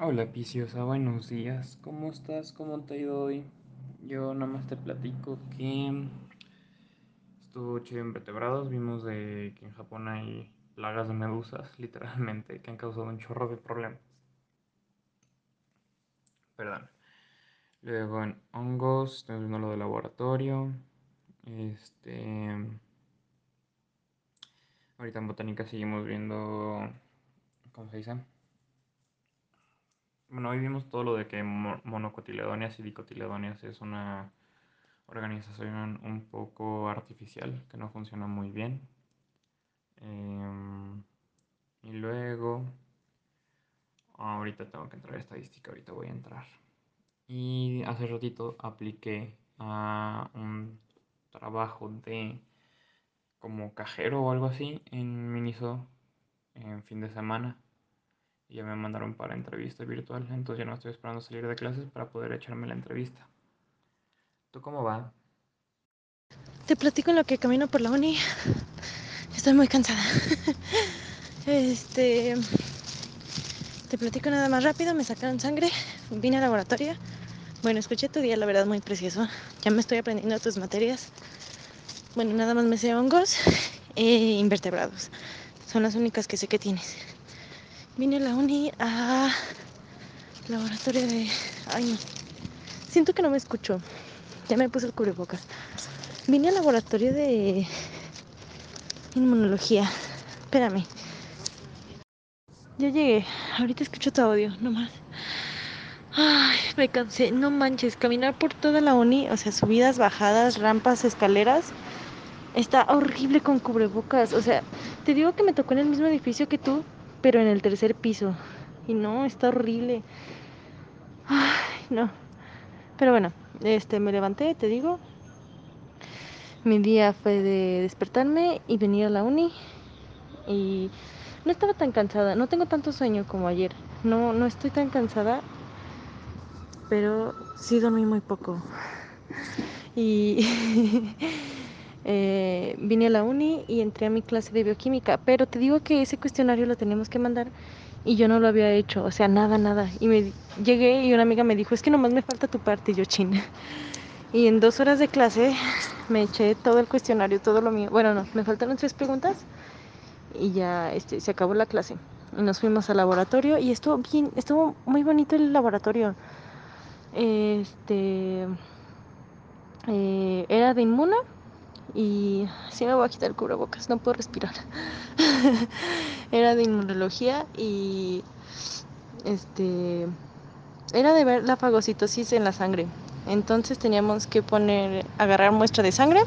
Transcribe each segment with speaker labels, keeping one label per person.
Speaker 1: Hola Piciosa, buenos días. ¿Cómo estás? ¿Cómo te ha ido hoy? Yo nada más te platico que estuvo chido en vertebrados. Vimos de que en Japón hay plagas de medusas, literalmente, que han causado un chorro de problemas. Perdón. Luego en hongos, estamos viendo lo de laboratorio. Este. Ahorita en botánica seguimos viendo. ¿Cómo se dice? bueno, hoy vimos todo lo de que monocotiledonias y dicotiledonias es una organización un poco artificial que no funciona muy bien. Em, y luego, ahorita tengo que entrar a estadística, ahorita voy a entrar. Y hace ratito apliqué a un trabajo de como cajero o algo así en Miniso en fin de semana ya me mandaron para entrevista virtual, entonces ya no estoy esperando salir de clases para poder echarme la entrevista. ¿Tú cómo va?
Speaker 2: Te platico en lo que camino por la uni. Estoy muy cansada. Este, te platico nada más rápido, me sacaron sangre, vine al laboratorio. Bueno, escuché tu día, la verdad, muy precioso. Ya me estoy aprendiendo tus materias. Bueno, nada más me sé hongos e invertebrados. Son las únicas que sé que tienes vine a la uni a laboratorio de... Ay, Siento que no me escucho. Ya me puse el cubrebocas. Vine al laboratorio de inmunología. Espérame. Ya llegué. Ahorita escucho tu audio, nomás. Ay, me cansé. No manches, caminar por toda la uni, o sea, subidas, bajadas, rampas, escaleras. Está horrible con cubrebocas. O sea, te digo que me tocó en el mismo edificio que tú pero en el tercer piso. Y no, está horrible. Ay, no. Pero bueno, este me levanté, te digo. Mi día fue de despertarme y venir a la uni. Y no estaba tan cansada, no tengo tanto sueño como ayer. No, no estoy tan cansada, pero sí dormí muy poco. Y Eh, vine a la uni y entré a mi clase de bioquímica, pero te digo que ese cuestionario lo teníamos que mandar y yo no lo había hecho, o sea, nada, nada. Y me llegué y una amiga me dijo, es que nomás me falta tu parte, y yo china. Y en dos horas de clase me eché todo el cuestionario, todo lo mío. Bueno, no, me faltaron tres preguntas y ya este, se acabó la clase. Y nos fuimos al laboratorio y estuvo bien, estuvo muy bonito el laboratorio. Este eh, era de inmuna y si me voy a quitar el cubrebocas, no puedo respirar. era de inmunología y este era de ver la fagocitosis en la sangre. Entonces teníamos que poner, agarrar muestra de sangre,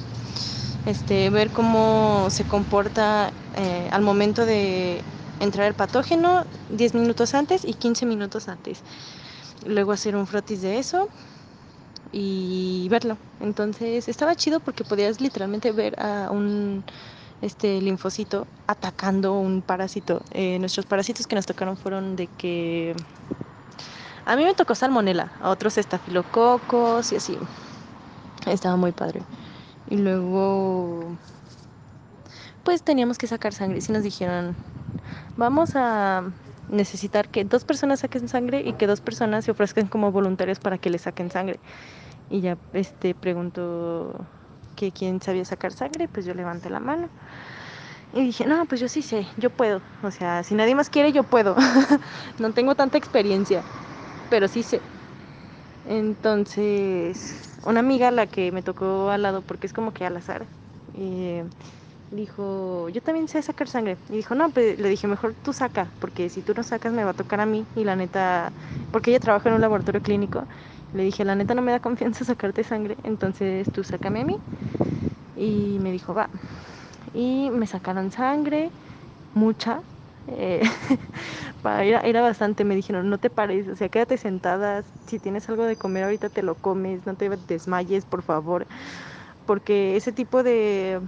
Speaker 2: este, ver cómo se comporta eh, al momento de entrar el patógeno 10 minutos antes y 15 minutos antes. Luego hacer un frotis de eso y verlo. Entonces estaba chido porque podías literalmente ver a un este linfocito atacando un parásito. Eh, nuestros parásitos que nos tocaron fueron de que a mí me tocó salmonela, a otros estafilococos y así. Estaba muy padre. Y luego pues teníamos que sacar sangre y nos dijeron vamos a necesitar que dos personas saquen sangre y que dos personas se ofrezcan como voluntarios para que le saquen sangre. Y ya este preguntó que quién sabía sacar sangre, pues yo levanté la mano. Y dije, no, pues yo sí sé, yo puedo. O sea, si nadie más quiere, yo puedo. no tengo tanta experiencia, pero sí sé. Entonces, una amiga, la que me tocó al lado, porque es como que al azar, y eh, dijo, yo también sé sacar sangre. Y dijo, no, pues le dije, mejor tú saca, porque si tú no sacas me va a tocar a mí. Y la neta, porque ella trabaja en un laboratorio clínico, le dije, la neta no me da confianza sacarte sangre, entonces tú sácame a mí. Y me dijo, va. Y me sacaron sangre, mucha. Eh, era, era bastante, me dijeron, no te pares, o sea, quédate sentada, si tienes algo de comer ahorita te lo comes, no te desmayes, por favor, porque ese tipo de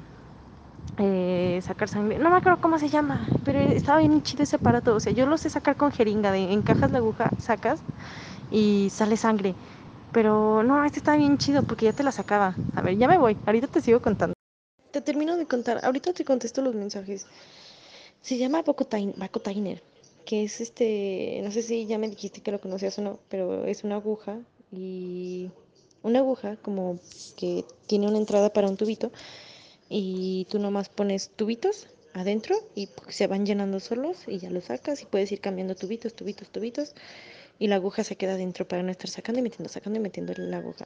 Speaker 2: eh, sacar sangre. No me acuerdo cómo se llama, pero estaba bien chido ese aparato. O sea, yo lo sé sacar con jeringa, de encajas la aguja, sacas y sale sangre. Pero no, este está bien chido porque ya te la sacaba. A ver, ya me voy. Ahorita te sigo contando. Te termino de contar. Ahorita te contesto los mensajes. Se llama Bacotainer, que es este, no sé si ya me dijiste que lo conocías o no, pero es una aguja y una aguja como que tiene una entrada para un tubito y tú nomás pones tubitos adentro y se van llenando solos y ya los sacas y puedes ir cambiando tubitos, tubitos, tubitos y la aguja se queda adentro para no estar sacando y metiendo, sacando y metiendo la aguja.